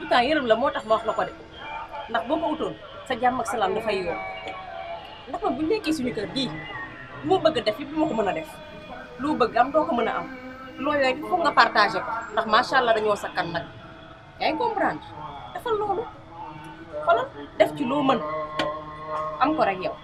pourtant yërëm la moo tax ma wax la ko de ndax boo ko utoon sa jàmm ak salaam dafay yoon ndax man bu nekkee suñu kër gii lu ma bëgg a def yëpp ma ko mën a def loo bëgg am doo ko mën a am loo yooyu foog nga partagé ko ndax macha allah dañoo sakkan nag yaa comprendre defal loolu xoolal def ci loo mën am ko rek yow.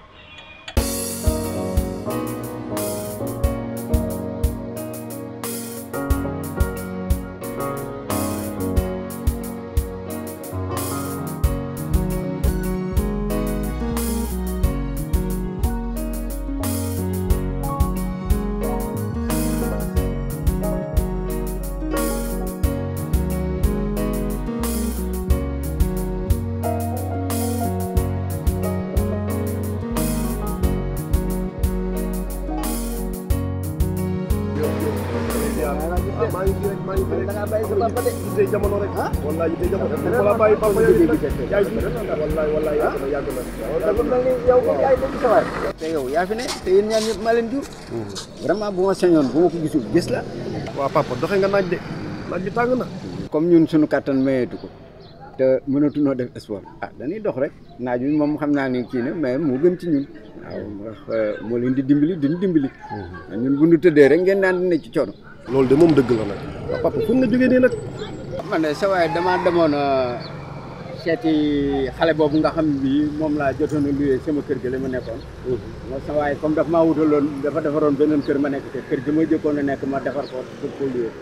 waaw maa yow yaa fi te yow yaa ne jur. vraiment ma sañoon bu ma ko gisul gis waa waaw papa doxe nga naaj de naaj bi tàng na. comme ñun suñu kattan mayeetu ko te mënatunoo def sport ah dañuy dox rek naaj bi moom xam naa ne kii na mais moo gën ci ñun waaw euh, moo leen di dimbali a dimbali mm-hmm. ñun bu ñu tëddee rek ngeen naan ne ci coono loolu de moom dëgg la nag waaw papa fu nga jógee nii nag. man de sa waay damaa demoon euh, seeti xale boobu nga xam bii moom laa jotoon a luyee sama kër gi la ma nekkoon. moom mm-hmm. sa waay comme daf maa wutaloon dafa defaroon beneen kër ma nekk te kër gi ma jëkkoon a nekk ma defar ko pour ko luyee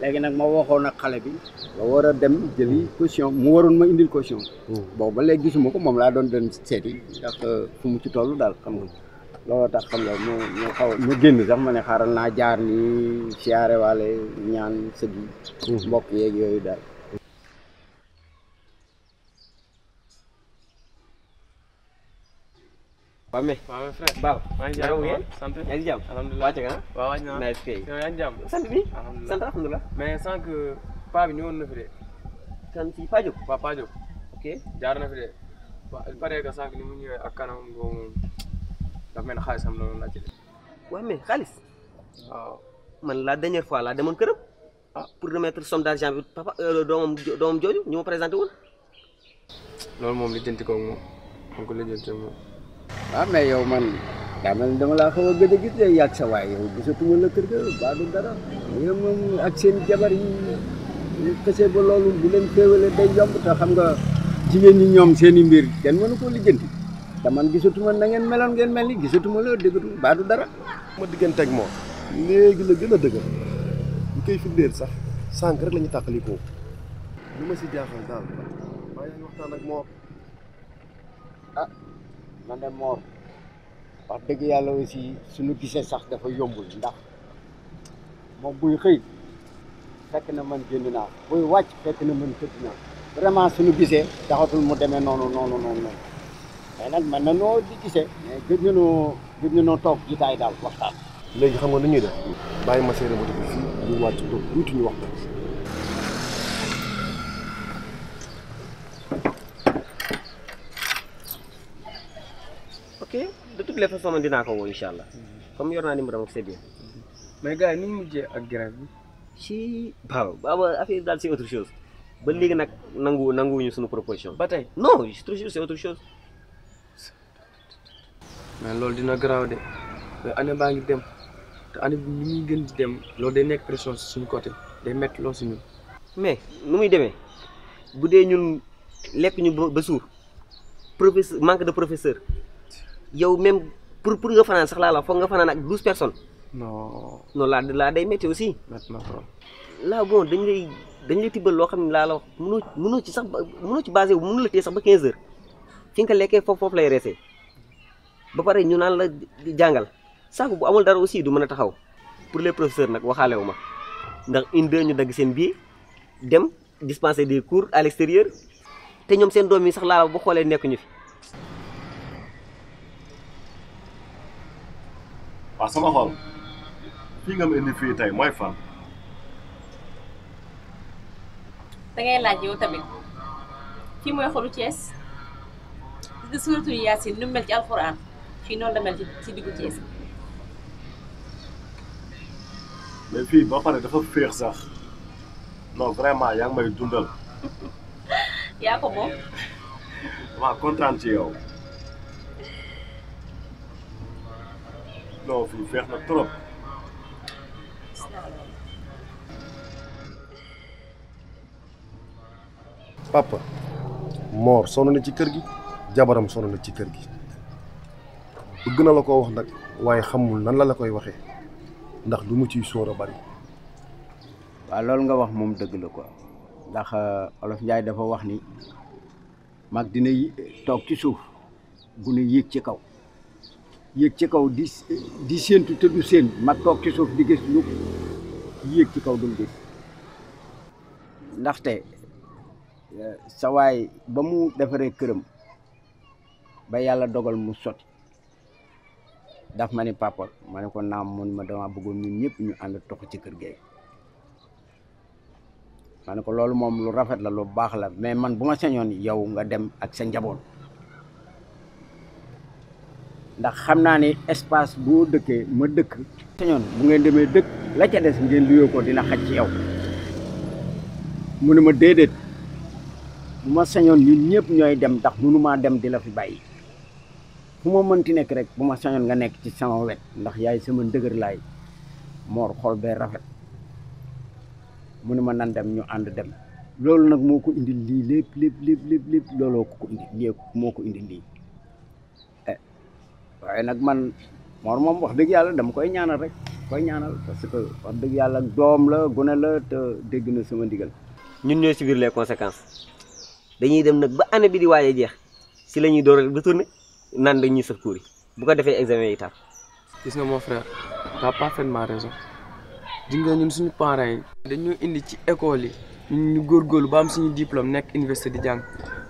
léegi nag ma waxoon ak xale bi ma war a dem jëli caution mu waroon ma indil ko si mm-hmm. boobu ba léegi gisuma ko moom laa doon doon seeti ndax euh, fu mu ci tollu daal xam nga. looloo tax xam nga mu mu xaw mu génn sax ma ne xaaral naa jaar nii siyaare waale ñaan sëg yi hmm. mbokk yeeg yooyu daal waaw mais waaw frère Ba. maa ngi jàmm sant yaa ngi jàmm. alhamdulilah wàcc nga ah. waaw wàcc naa nice kay. yow yaa ngi jàmm. sant bi sant alhamdulilah. mais sànq paa bi ñëwoon na fi de. kan ci Paa Diop. waaw Paa Diop. ok jaar na fi de. waaw il paraît que sànq ni mu ñëwee ak kanam boobu dafa mel ne xaalisam loolu laa ci def. waaw mais xaalis. man la dernière fois laa demoon këram. ah pour remettre somme d' argent bi papa euh, doomam jooju ñu ma présenté woon. loolu moom lijjanti koog moom moom ko lijjanti moom. waaw ah, mais yow man daa mel ni dama laa xaw a gëj a gis ne yàgg sa waay yow la kër ga baa du dara. yow moom ak seen jabar yi ñu ba loolu bu leen féewale day yomb te nga jigéen ñi ñoom seen i mbir kenn mënu koo lijjanti. te gisatuma nangeen meloon ngeen mel ni gisatuma la déggatu baadu dara. ma diggante ak moom léegi la gën a dëgër ñu koy firndeel sax sànq rek la ñu lu ma ci jaaxal daal maa ngi waxtaan ak Mor. ah man de dëgg yàlla aussi suñu gisee sax dafa yombul ndax moom buy xëy fekk na man génn naa buy wàcc fekk na man tëdd naa vraiment suñu gisee taxatul mu demee noonu noonu noonu noonu. xëy nag mën na noo di gisee mais gëj na noo gëj na noo daal waxtaan léegi xam nga nu ñuy def bàyyi ma seere moto bi fii ñu wàcc waxtaan ok de toutes les façons man ko woo incha allah comme yor naa numéro am ak c'est bien mais gars yi ni ñu mujjee ak grève bi si baaw baaw affaire daal c'est autre chose ba léegi nag nangu nanguwuñu suñu proposition ba tey non toujours c'est chose mais loolu dina garaaw de mais année baa ngi dem te année bi ni muy gën di dem loolu day nekk pression suñu côté day métti lool si mais nu muy demee bu dee ñun lekk ñu ba suur professeur manque de professeur yow même pour pour nga fanaan sax laa la foog nga fanaan ak douze personnes. non non laa laa day métti aussi. métti na trop. là bon dañ lay dañ lay tibbal loo xam ne laalo la wax ci sax mënoo ci basé wu mënoo la téye sax ba quinze heures fi nga lekkee foofu foofu lay resee. ba pare ñu naan la jàngal saako bu amul dara aussi du mën a taxaw pour les professeurs nag waxaale wu ma ndax une deux ñu dagg seen bii dem dispenser des cours à l'extérieur te ñoom seen doom yi sax laala ba xoolee nekkuñu fi. waaw sama xool fii nga ma indi fii tey mooy fan. dangay ngay laaj yow tamit fii mooy xolu Thiès gis nga suuratul Yaasin nu mel ci alxuraan. fii noonu la mel ci ci diggu Thiès. mais fii ba pare dafa féex sax non vraiment yaa ngi may dundal. yaa ko moom. waaw kontaan ci yow. non fii féex na trop. papa Mor sonn na ci kër gi jabaram sonn na ci kër gi. bëgg na la ko wax nag waaye xamul nan la la koy waxee ndax lu mu ciy sóor a bari waaw loolu nga wax moom dëgg la ko ndax euh, olof Njaay dafa wax ni mag dina toog ci suuf gune yéeg ci kaw yéeg ci kaw di di séentu te du séen mag toog ci suuf di gis lu yéeg ci kaw dul gis ndaxte euh, sa waay ba mu defaree këram ba yàlla dogal mu sotti daf ma ni papa ma ne ko naam mun ma dama bëggoon ñu ñëpp ñu ànd tox ci kër gi ma ne ko loolu moom lu rafet la lu baax la mais man bu ma sañoon yow nga dem ak sa njaboot ndax xam naa ni espace boo dëkkee ma dëkk sañoon bu ngay demee dëkk la ca des ngeen luyoo ko dina xaj ci yow mu ne ma déedéet bu ma sañoon ñun ñëpp ñooy dem ndax maa dem di la fi bàyyi fu mën mënti nekk rek bu ma sañoon nga nekk ci sama wet ndax yaay sama ndëgër laay moor xol bee rafet mu ne ma nan dem ñu ànd dem loolu nag moo ko indi lii lépp lépp lépp lépp lépp looloo ko ko indi lii moo ko indi lii eh, waaye nag man moor moom wax dëgg yàlla dama koy ñaanal rek koy ñaanal parce que wax dëgg yàlla doom la gone la te dégg na sama ndigal ñun ñooy subir les conséquences dañuy dem nag ba année bi di waaye jeex si la ñuy door rek ba tourné naan dañuy sëkkuur bu ko defee examen yi tax gis nga moo frère t'as parfaitement raison di nga ñun suñu parents yi dañoo indi ci école yi ñu góor góorgóorlu ba am suñu diplôme nekk université di jàng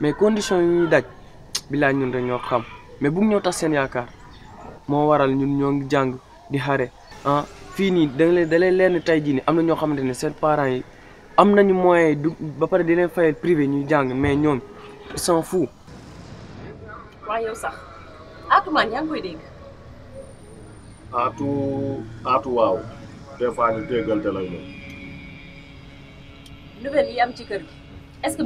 mais condition yi ñuy daj bilaay ñun rek ñoo xam mais bu ñoo tax seen yaakaar moo waral ñun ñoo ngi jàng di xare ah fii nii da leen da leen leen tey jii nii am na ñoo xamante ne seen parent yi am na ñu moyen du ba pare di leen fayal privé ñuy jàng mais ñoom ils s'en Atou Magne yaa waaw des fois la moom. nouvelle yi am ci kër gi est-ce que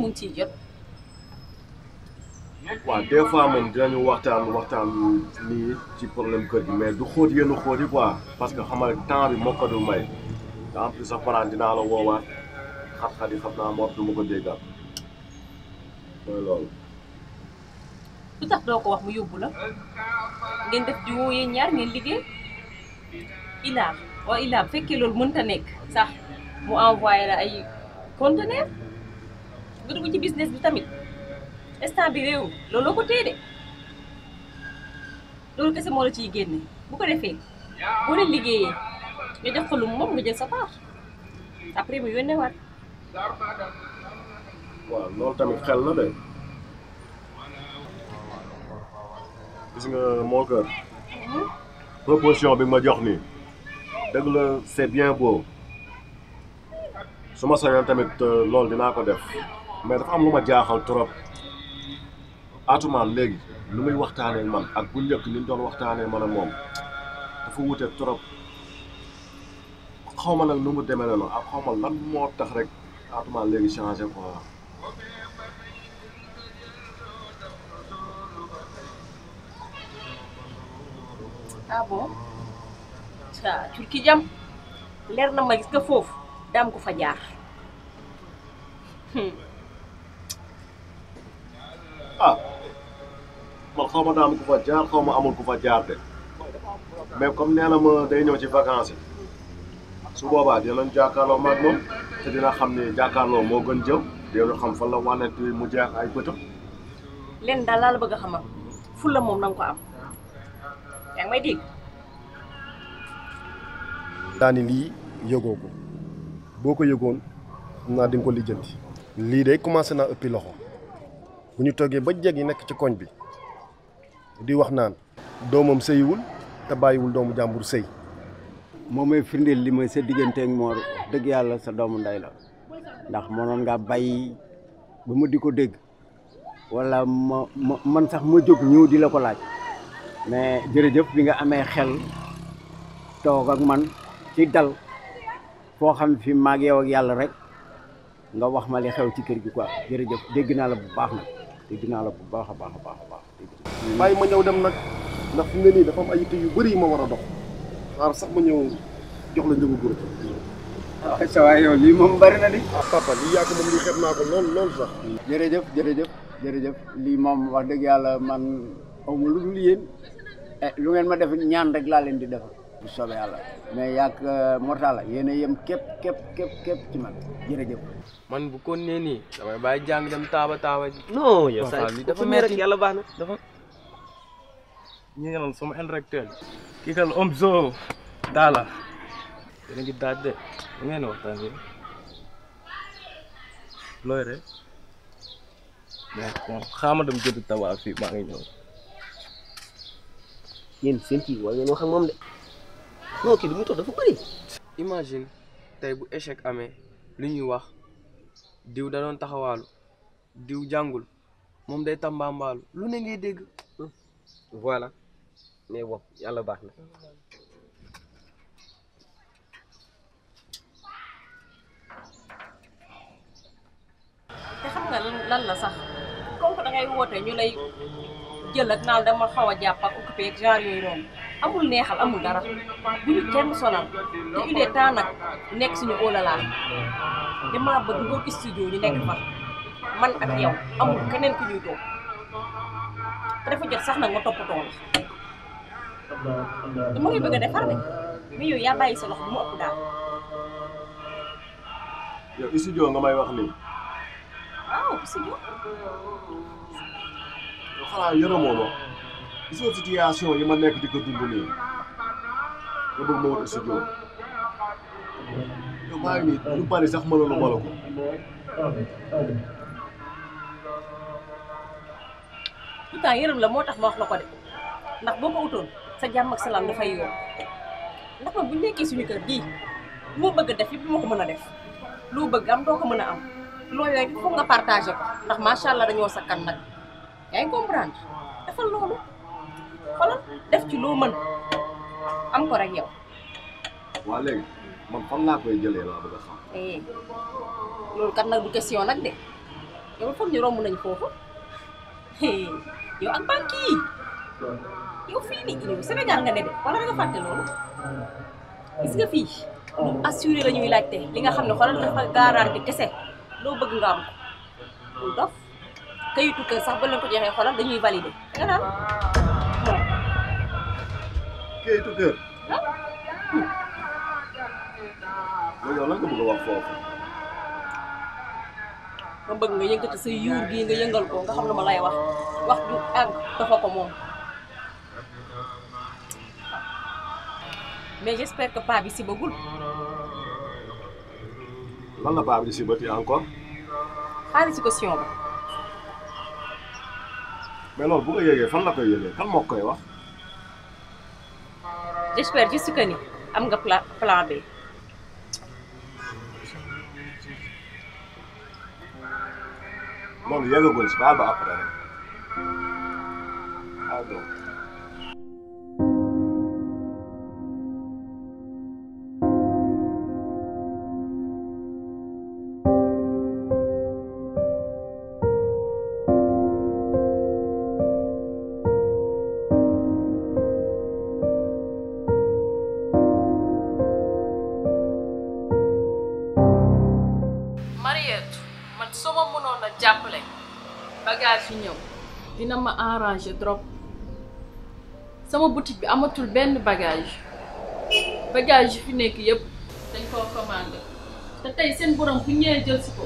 dinañu waxtaan waxtaan nii ci problème kër gi mais du xóot yenn xóot yi quoi parce que xamal temps bi moo ko may te en plus sa parent dinaa la woowaat xat xam naa moo du ma ko déggal mooy loolu. lu tax doo ko wax mu yóbbu la ngeen def di woo yéen ñaar ngeen liggéey ilaab waaw ilaab fekkee loolu mënta nekk sax mu envoyé la ay conteneur nga dugg ci business bi tamit instant bi réew looloo ko téye de loolu kese moo la ciy génne bu ko defee boo leen liggéeyee nga jox ko moom nga jël sa part après mu yónneewaat. waaw loolu tamit xel la de. si nga mon cœur proposition bi ma jox nii dëgg la c'est bien su ma sañoon tamit euh, loolu dinaa ko def mais dafa am lu ma jaaxal trop Atoumane léegi lu muy waxtaanee man ak bu njëkk li ñu doon waxtaanee man ak moom dafa wute trop xaw ma nag lu mu demee noonu ak xaw ma lan moo tax rek Atoumane léegi changé quoi. ah bon ah jam leer na ma gis nga foofu daam ko fa jaar. Hmm. ah man xaw ma daam ko fa jaar xaw amul ko fa jaar de mais comme nee na ma day ñëw ci vacances yi su boobaa dinañ jàkkaarloo maag moom te dina xam ne jàkkaarloo moo gën jëw dina xam fan la wànnent mu jeex ay bëtam. leen daal laal la bëgg a xamal fulla moom na ko am. yaa ngi may lii yëgoo ko boo ko yëgoon xam naa di nga ko lijjanti. lii day commencé naa ëppi loxo bu ñu toggee ba jeg yi nekk ci koñ bi di wax naan doomam sëyiwul te bàyyiwul doomu jàmbur sëy moo may firndeel li may sa diggante moo dëgg yàlla sa doomu ndey la ndax mënoon ngaa bàyyi ba ma di ko dégg wala ma ma man sax ma jóg ñëw di la ko laaj mais jërëjëf bi nga amee xel toog ak man ci dal foo xam fi maag yow ak yàlla rek nga wax ma li xew ci kër gi quoi jërëjëf dëgg naa la bu baax na dëgg naa la bu baax a baax a baax a ma ñëw dem nag ndax fi nga nii dafa am ay yitte yu bëri yu ma war a dox xaar sax ma ñëw jox la njëgu guro waaw ah, sa waay yow lii moom bëri na di ah, papa lii yàgg moom lii xeeb naa ko lool lool sax jërëjëf jërëjëf jërëjëf lii moom wax dëgg yàlla man awma lu dul yéen Eh, lu ngeen ma def ñaan rek laa leen di defal bu soobee yàlla mais yàgg euh, Mortalla yéen a yem képp képp képp képp ci man bu ko nee nii damay bàyyi dem taaba taaba ji. non yow saa yi dafa metti yàlla baax na dafa. ñu ngi sama intellectuel kii kal om zoo daala yéen a daaj de da ngeen waxtaan looy rek mais bon xaaral dem jënd tabax fii maa ngi ñëw. yéen seen kii war ngeen wax ak moom de non kii li muy toog dafa bëri. imagine tey bu échec amee lu ñuy wax diw da doon taxawaalu diw jàngul moom day tambaambaalu lu ne ngay dégg. voilà mais na. lan la sax comme da ngay ñu lay. jël ak naan dama xaw a jàpp ak occupé ak genre yooyu amul neexal amul dara bu ñu kenn sonal te il est temps nag nekk suñu oolalaa oh dama bëgg nga ko studio ñu nekk fa man ak yow amul keneen ku ñuy toog te dafa jot sax nag ma toppatoo la dama ngi bëgg a defar ne mais yow yaa bàyyi sa loxo mu ëpp daal. yow studio nga may wax nii. waaw studio. xanaa yërëmoo ma gis nga situation yi ma nekk di ko dund nii nga bëgg ma wut studio lu sax mënalu ma la ko pourtant yërëm la moo tax ma wax la ko de ndax boo ma utoon sa jàmm ak salaam dafay yoon ndax man bu nekkee suñu kër bii lu ma bëgg a def yëpp du ma ko mën a def loo bëgg am doo ko mën a am loo yooyu foog nga partagé ko ndax macha allah dañoo sakkan nag yaa comprendre defal loolu xoolal def ci loo mën am ko rek yow. waaw léegi man fan a xam. Eh, loolu kat du question nag de yow foog ñu romb nañ foofu yow ak banque yow fii nii Sénégal nga ne de wala nga fàtte loolu gis fii lu assuré la ñuy laajte li nga xam ne xoolal dafa garanti kese loo bëgg nga am lu dof. kayitu kër sax ba ko joxee xoolal dañuy valider nga naan kayitu kër loolu ma bëgg nga yëngati sa yuur gii nga yëngal ko nga xam ne ma lay wax wax ju àgg dafa ko moom mais j'espère que paa bi si bëggul lan la paa bi di si bëti encore xaalis ko sion ba mais loolu bu ko yëgee fan la koy yëgee kan moo koy wax. j'espère juste que ni am nga plan plan B. loolu yëgagul si baal ba après rek ah na ma arranger trop sama boutique bi amatul benn bagage bagage fi nekk yëpp dañ koo commandé te tey seen borom bu ñëwee jël si ko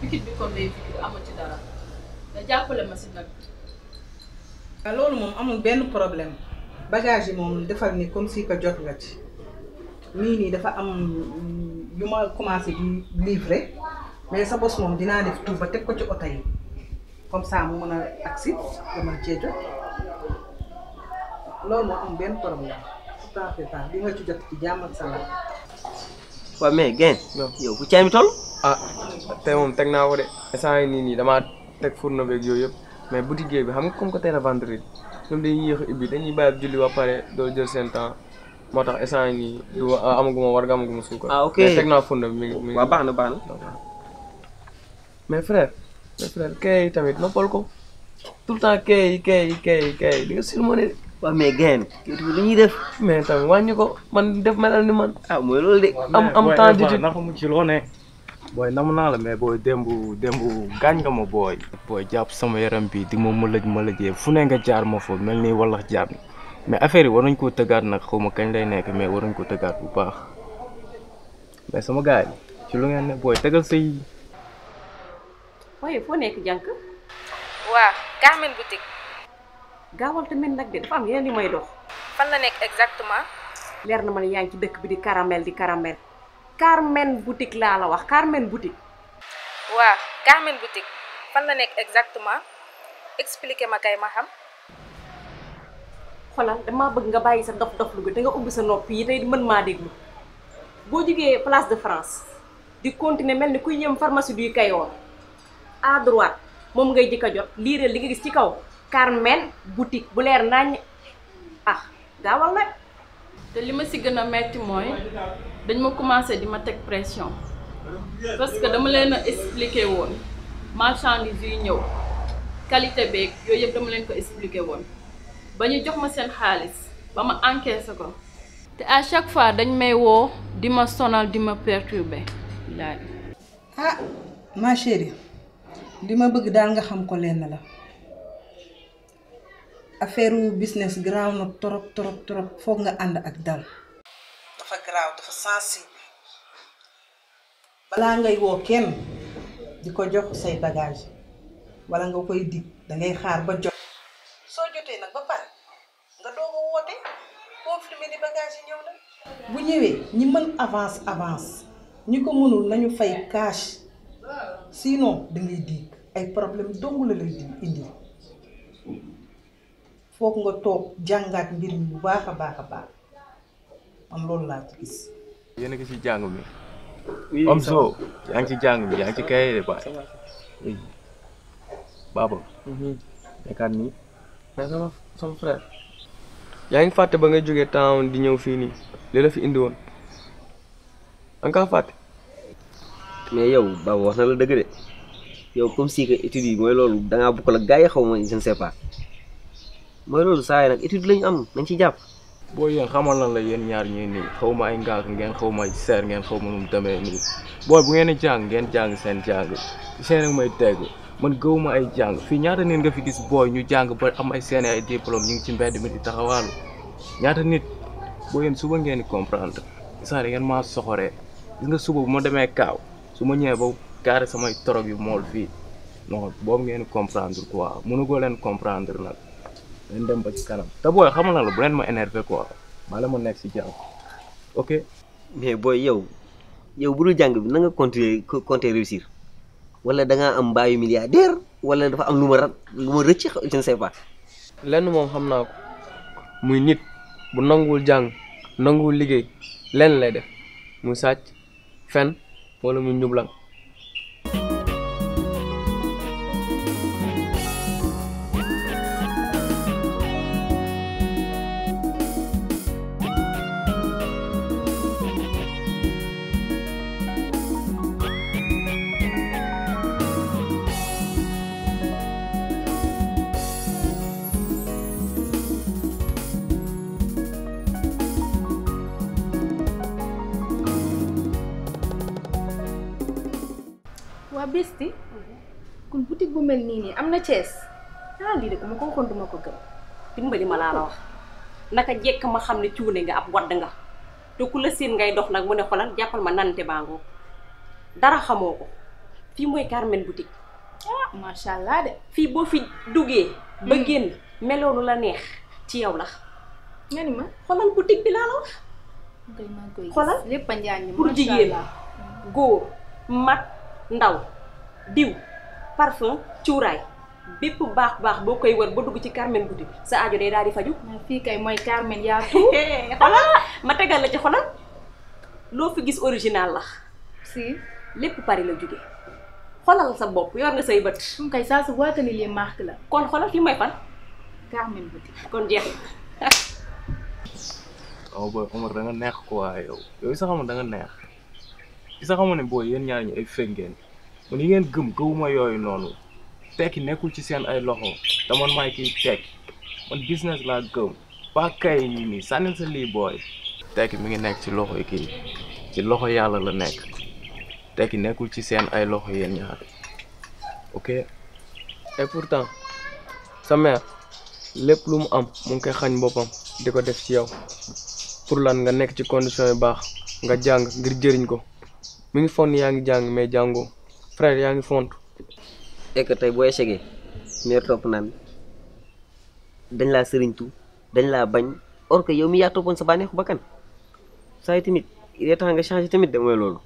boutique bi kon lay fii ci dara nga jàppale ma si nag. loolu moom amul benn problème bagage yi moom defar ni comme si ko jot nga ci nii nii dafa am yu ma commencé di livrer mais sa bos moom dinaa def tout ba teg ko ci oto yi. comme ça mu mën a agsi nga mën cee jot mais gain yow bu caay mi toll. ah tey moom teg naa ko de instant yii nii nii damaa teg fourneau beeg yooyu yëpp mais bu boutique bi xam nga comme que tey la vendredi ñoom dañuy yéex a ubbi dañuy bàyyi julli ba pare doo jël seen moo tax instant yii nii du ah, amaguma war nga suukar. ah teg naa fourneau bi mi baax na baax na. mais frère. frère kay tamit noppal ko tout le temps kay kay kay kay di nga surmoné de. waaw mais gaynde kii tamit lu ñuy def. mais tamit wàññi ko man def melal ni man. am am temps di ci loo ne. booy nam naa la mais booy démb démb gaañ nga ma booy. booy jàpp sama yaram bii di ma mëlëj mëlëjee fu ne nga jaar ma foofu mel ni wallax jaar mais affaire yi war nañ koo tëggaat nag xaw ma kañ lay nekk mais war nañ koo tëggaat bu baax mais sama gars ci lu ngeen ne booy tegal say. waaye foo nekk jànk waaw Carmen boutique gaawal tamit nag de dafa am yeneen li may dox fan la nekk exactement leer na ma ne yaa ngi ci dëkk bi di caramel di caramel Carmen boutique laa la wax Carmen boutique waaw Carmen fan la nekk exactement expliquer ma kay ma xam xoolal damaa bëgg nga bàyyi sa dof dof lu te nga ubbi sa nopp yi tey mën maa déglu boo jógee place de France di continuer mel ni kuy yëm pharmacie duy kayoon à droite moom ngay jëkk a jot liiral li nga gis ci kaw Carmen boutique bu leer nañ ah gaawal nag te li ma si gën a metti mooy dañ ma commencé di ma teg pression parce que dama leen explique woon marchandise yuy ñëw qualité beeg yooyu yëpp dama leen ko expliqué woon ba ñu jox ma seen xaalis ba ma encaissé ko te à chaque fois dañ may woo di ma sonal di ma perturbé. ah ma chérie li ma bëgg daal nga xam ko lenn la affaire business graw na trop trop trop foog nga ànd ak dal dafa garaaw dafa sensible balaa ngay woo kenn di ko jox say bagage wala nga koy dig dangay xaar ba jot soo jotee nag ba pare nga doog a woote confirmer ni bagage yi ñëw na bu ñëwee ñi mën avance avance ñi ko mënul nañu fay cash sinon da ngay diig ay problème dong la lay di indi foog nga toog jàngaat mbir mi bu baax a baax a baax man loolu laa ci gis. yéen a ngi ci jàng mi. oui am soo yaa ci jàng mi yaa ngi ci de baay. baaba. Mhm. ngi fàtte ba nga jógee temps di ñëw fii nii li la fi indi woon. da nga mais yow Baba wax na la dëgg de yow comme si que études yi mooy loolu da ngaa bokkal ak xaw ma je ne sais pas mooy loolu saa yi nag étude lañu am nañ ci jàpp. boo yéen xamal lan la yéen ñaar ñuy xaw ma ay ngaak ngeen xaw ma seer ngeen xaw ma demee nii booy bu ngeen jàng ngeen jàng seen jàng seen ak may teg man gëw ma ay jàng fii ñaata nit nga fi gis booy ñu jàng ba am ay seen ay diplôme ñu ngi ci mbedd mi di taxawaalu ñaata nit boo yéen suba ngeen comprendre saa ngeen maa soxoree nga suba bu ma demee kaaw. su ma ñëwee ba carré samay torog yu mool fii non boobu ngeen comprendre quoi mënugoo leen comprendre nag leen dem ba ci kanam te booy xamal na la bu leen ma énervé quoi bala ma nekk si jàmm ok. mais booy yow yow bu jàng na nga continuer réussir wala da ngaa am mbaayu milliardaire wala dafa am lu ma rat lu ma rëcc je lenn moom xam naa ko muy nit bu nanguwul jàng nanguwul liggéey lenn lay def muy sàcc fen. wala mu jublang naka jekk ma xam ne cuune nga ab wadd nga te ku la seen ngay dox nag mu ne xolal jàppal ma nante baangoo dara xamoo ko fii mooy Carmen boutique ah de fii boo fi duggee ba hmm. génn meloonu la neex ci yow la nga ma xolal boutique bi laa la wax xolal lépp a njaañ pour jigéen góor mat ndaw diw parfum cuuraay bépp baax baax boo koy wër ba dugg ci Carmen boutique sa aajo day daal di faju ah, fii kay mooy Carmen yaa xolal ma tegal la ci xolal loo fi gis original la si lépp Paris la jóge xolal sa bopp yor nga say bët suñ kay saa su waatani lii la kon xolal fi may fan Carmen booy Omar da nga neex ko yow yow isa xamul da nga neex isa xamul ne booy yéen ñaar ñi ay fekk ngeen yi ngeen gëm gëwuma yooyu noonu tekki nekkul ci seen ay loxo tamoon man maay kiy tekki man business laa gëm pas kay nii sànnil sa lii booy tekki mu ngi nekk ci loxo kii ci loxo yàlla la nekk tekki nekkul ci seen ay loxo yéen ñaar ok et pourtant sa mère lépp lu mu am mu ngi koy xañ boppam di ko def ci yow pour lan nga nekk ci condition yu baax nga jàng ngir jëriñ ko mi ngi fon yaa ngi jàng mais jàngoo frère yaa ngi font et que tey boo segee ñooy topp naan dañ laa sëriñtu dañ laa bañ or que yow mi yaa toppoon sa bànneexu bakkan saa yi tamit changé tamit de mooy loolu.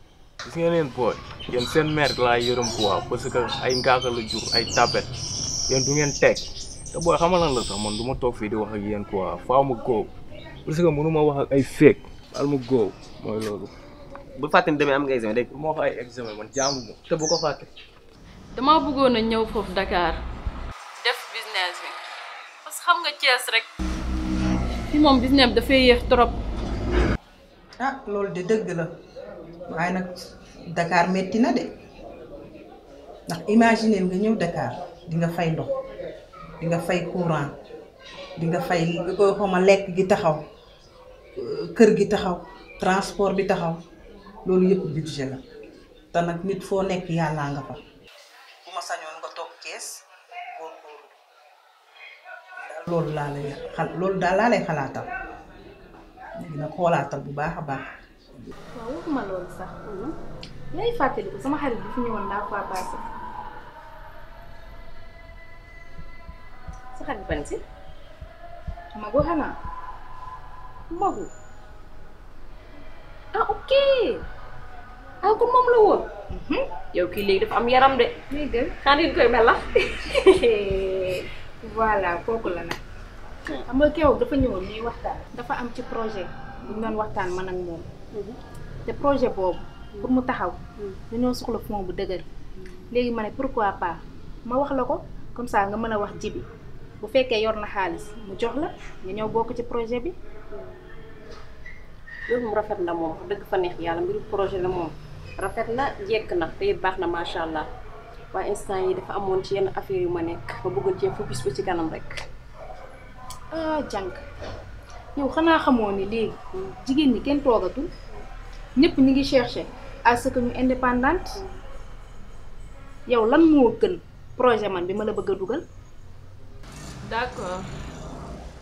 gis ngeen seen mère laa yërëm quoi parce que ay ngaaka la jur ay tapet yoon du ngeen teg te booy xamal lan la sax man du ma toog fii di wax ak yéen quoi faaw ma góob parce que mënu ma wax ay féeg faaw ma góob mooy loolu. bu fàttali demee am nga examen dégg nga. wax ay examen man jaamu te bu ko fàtte. dama bëggoon a ñëw foofu Dakar def business bi parce xam nga Thiès rek fi moom business dafay yéex trop ah loolu de dëgg la waaye nag Dakar metti na de ndax imaginer nga ñëw Dakar di nga fay ndox di nga fay courant di nga fay xoma lekk gi taxaw euh, kër gi taxaw transport bi taxaw loolu yëpp budget la te nag nit foo nekk yàllaa nga fa bu ma sañoon nga toog kees loolu laa lay xal loolu daal laa lay xalaatal léegi nag xoolaatal bu baax a baax waaw waxuma loolu sax yaay fàttali sama xarit bi fi ñëwoon laa fois passé sa xarit ban magu xanaa magu ah ok ah kon moom la woon Mm-hmm. yow kii léegi dafa am yaram de. muy dëgg xanaa dañu koy melax. voilà la nag. xam nga dafa ñëwoon ñuy waxtaan. dafa am ci projet bu ñu waxtaan man ak moom. Mm-hmm. te projet boobu. pour mu taxaw. Mm-hmm. dañoo soxla fond bu dëgër. léegi ma ne pourquoi pas ma wax la ko comme ça nga mën a wax ji bu fekkee yor na xaalis mu jox la nga ñëw bokk ci projet bi. loolu mu rafet na moom dëgg fa neex yàlla mbiru projet la moom. rafet na jekk na te it baax na macha allah waaye instant yi dafa amoon ci yenn affaire yu ma nekk ma bëggoon cee focus ba ci kanam rek. ah yow xanaa xamoo ni léegi jigéen ñi kenn toogatul ñëpp ñi ngi cherché à ce que ñu indépendante yow lan moo gën projet man bi ma la bëgg a dugal. d'accord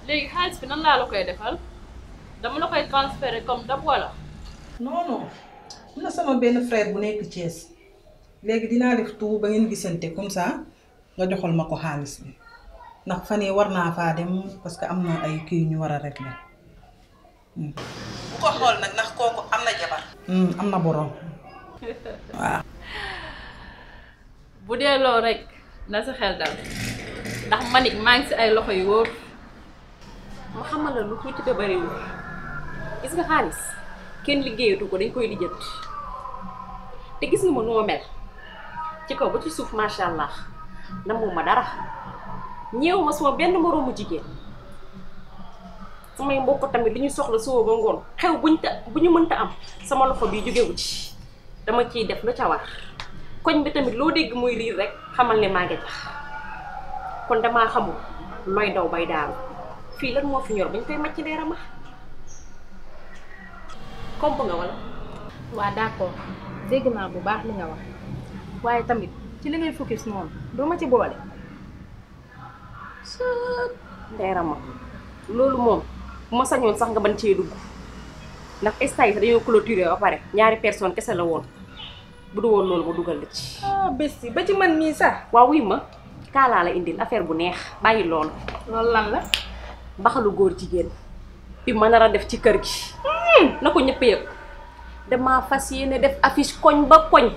léegi xaalis bi nan laa la koy defal dama la koy transférer comme dab wala. non am na sama benn frère bu nekk Thiès léegi dinaa def tout ba ngeen gisante comme ça nga joxal ma ko xaalis bi ndax fan yii war naa faa dem parce que am na ay kii ñu war a rek hmm. bu ko xool nag ndax kooku am na jabar. Hmm, am na borom waaw. bu delloo rek na sa xel dal ndax man it maa ngi si ay loxo yu wóor. ma xamal la lu tuuti te bariwul gis nga xaalis kenn liggéeyatu ko dañ koy lijjanti. te gis nga ma noo mel ci kaw ba ci suuf macha allah namu ma dara ñeewu ma sama benn moroomu jigéen samay mbokk tamit lu ñu soxla suba ba ngoon xew buñ ta bu ñu mënta am sama loxo bi jógewu ci dama ciy def lu ca war koñ bi tamit loo dégg muy riir rek xamal ne maa ngi tax kon damaa xamul looy daw bay daanu fii lan moo fi ñor bañ koy màcc leerama komp nga wala waa d'accord dégg naa bu baax li nga wax waaye tamit ci li ngay focus noonu doo ma ci boole. ndeyra ma loolu moom bu ma sañoon sax nga ban cee dugg ndax instant dañoo clôturé ba pare ñaari personne kese la woon bu du woon loolu ma dugal la ci. ah bés ba ci man mii sax. waaw wuy ma kaalaala la indil affaire bu neex bàyyi lool loolu lan la. mbaxalu góor jigéen bi ma nar def ci kër gi. Hmm. na ko ñëpp yëg. dama fas yéene def affiche koñ ba koñ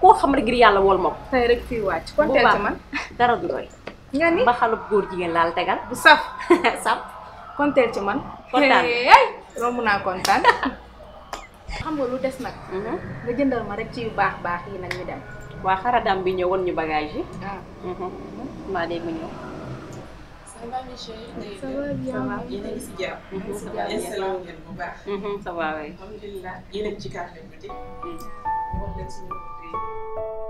koo xam ne ngir yàlla wol ma ko. tey rek fii wàcc konteel ci man dara du doy. ba xalub góor jigéen laal tegal. bu saf saf. konteel ci man. kontaan romb naa kontaan. xam nga lu des nag. Mhm. nga jëndal ma rek ci yu baax baax yi nag ñu dem. waa xaradam bi ñëwoon ñu bagage yi. Ah. Mhm. Mhm. maa dee ñëw. ça va mes chéris. ça va bien. ça va yéen a ngi si jàmm. ça va installé ngeen bu baax. Mm-hmm, ça va waay. alhamdulilah yéen a ngi ci carte d' identité. wax leen suñu